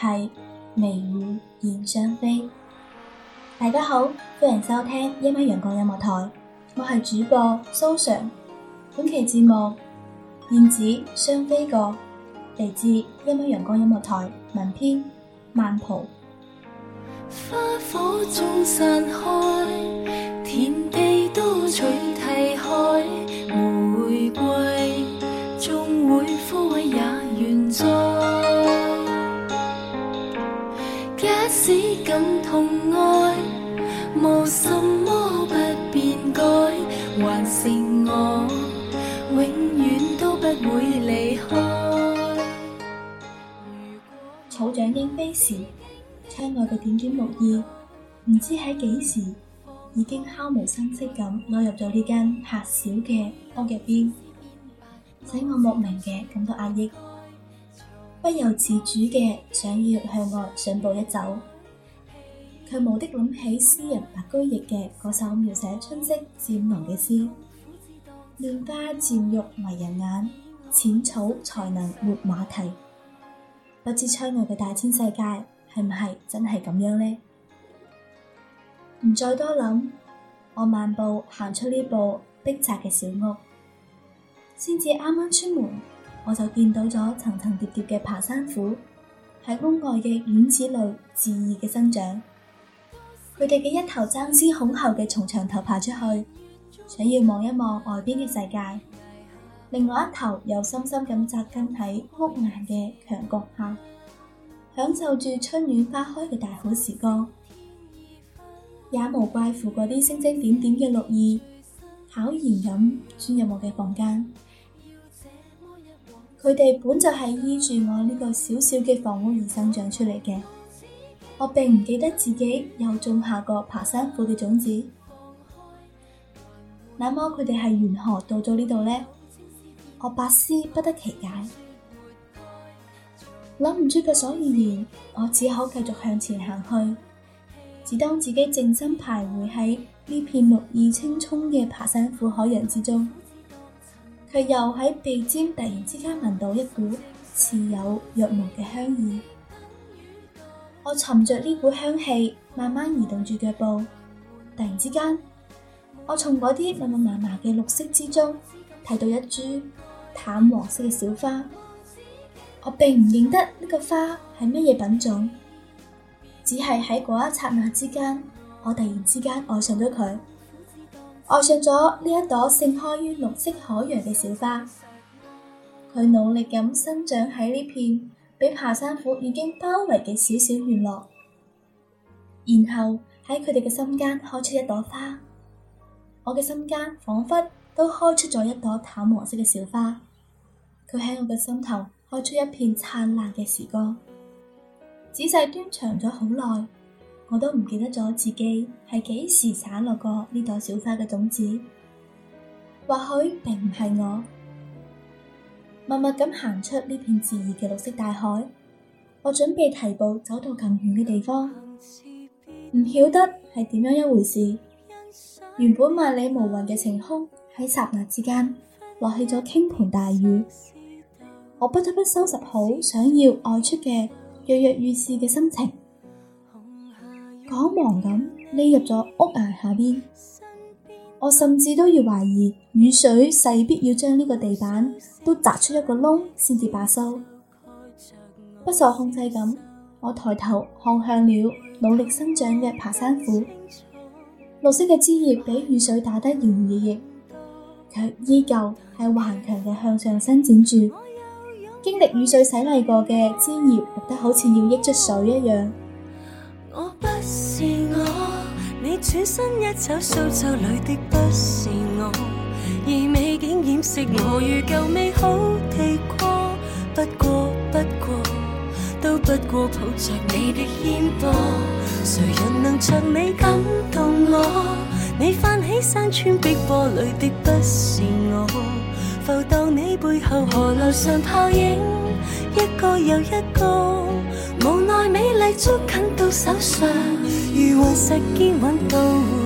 係 微雨燕雙飛。大家好，歡迎收聽一米陽光音樂台，我係主播蘇常。本期節目《燕子雙飛過》嚟自一米陽光音樂台文編《萬婆》。花火中散開，田地都取替開。即使更痛哀，無什麼不變改，還是我永遠都不會離開。草長鶯飛時，窗外嘅點點綠意，唔知喺幾時已經悄無聲息咁溜入咗呢間狹小嘅屋入邊，使我莫名嘅感到壓抑。不由自主嘅，想要向外上步一走，卻無的諗起詩人白居易嘅嗰首描寫春色漸濃嘅詩：「亂 花漸欲迷人眼，淺草才能沒馬蹄」。不知窗外嘅大千世界係唔係真係咁樣呢？唔再多諗，我漫步行出呢部逼窄嘅小屋，先至啱啱出門。我就見到咗層層疊疊嘅爬山虎喺屋外嘅院子裏恣意嘅生長，佢哋嘅一頭爭先恐後嘅從牆頭爬出去，想要望一望外邊嘅世界；另外一頭又深深咁紮根喺屋檐嘅牆角下，享受住春暖花開嘅大好時光。也無怪乎嗰啲星星點點嘅綠意，悄然咁鑽入我嘅房間。佢哋本就係依住我呢個小小嘅房屋而生長出嚟嘅，我並唔記得自己有種下過爬山虎嘅種子。那麼佢哋係如何到咗呢度呢？我百思不得其解，諗唔出個所以然，我只好繼續向前行去，只當自己靜心徘徊喺呢片綠意青蔥嘅爬山虎海洋之中。卻又喺鼻尖突然之間聞到一股似有若無嘅香意，我尋着呢股香氣慢慢移動住腳步，突然之間，我從嗰啲密密麻麻嘅綠色之中睇到一株淡黃色嘅小花，我並唔認得呢個花係乜嘢品種，只係喺嗰一刹那之間，我突然之間愛上咗佢。愛上咗呢一朵盛開於綠色海洋嘅小花，佢努力咁生長喺呢片俾爬山虎已經包圍嘅小小院落，然後喺佢哋嘅心間開出一朵花。我嘅心間仿佛都開出咗一朵淡黃色嘅小花，佢喺我嘅心頭開出一片燦爛嘅時光。仔細端詳咗好耐。我都唔記得咗自己係幾時散落過呢朵小花嘅種子，或許並唔係我。默默咁行出呢片自然嘅綠色大海。我準備提步走到更遠嘅地方，唔曉得係點樣一回事。原本萬里無雲嘅晴空喺剎那之間落起咗傾盆大雨，我不得不收拾好想要外出嘅躍躍欲試嘅心情。彷徨咁匿入咗屋檐下邊，我甚至都要懷疑雨水勢必要將呢個地板都砸出一個窿先至罷收。不受控制咁，我抬頭看向了努力生長嘅爬山虎，綠色嘅枝葉俾雨水打得搖搖曳曳，卻依舊係頑強嘅向上伸展住。經歷雨水洗禮過嘅枝葉，綠得好似要溢出水一樣。轉身一走，蘇州裏的不是我，而美景掩飾我如舊美好地過。不過，不過，都不過抱着你的肩膊，誰人能像你感動我？你泛起山川碧波裏的不是我，浮到你背後河流上泡影，一個又一個。無奈美麗捉緊到手上，如雲石堅穩到。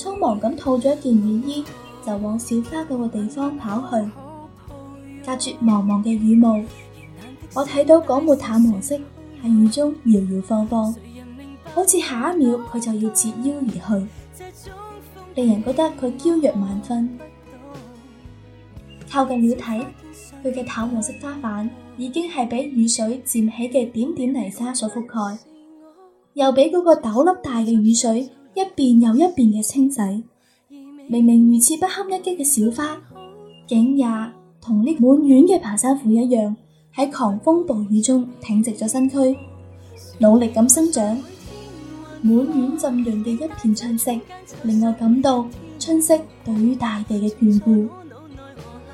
匆忙咁套咗一件雨衣，就往小花嗰個地方跑去。隔住茫茫嘅雨霧，我睇到嗰抹淡黃色喺雨中搖搖晃晃，好似下一秒佢就要折腰而去，令人覺得佢嬌弱萬分。靠近了睇，佢嘅淡黃色花瓣已經係俾雨水濺起嘅點點泥沙所覆蓋，又俾嗰個豆粒大嘅雨水。一遍又一遍嘅清洗，明明如此不堪一擊嘅小花，竟也同呢滿園嘅爬山虎一樣，喺狂風暴雨中挺直咗身軀，努力咁生長。滿園浸潤嘅一片春色，令我感到春色對於大地嘅眷顧。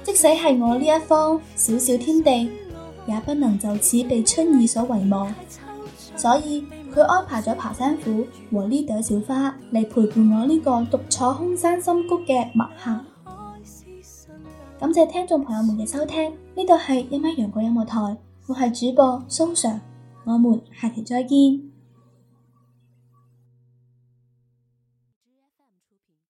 即使係我呢一方小小天地，也不能就此被春意所遺忘。所以，佢安排咗爬山虎和呢朵小花嚟陪伴我呢個獨坐空山深谷嘅墨客。感謝聽眾朋友們嘅收聽，呢度係一米陽光音樂台，我係主播蘇常，我們下期再見。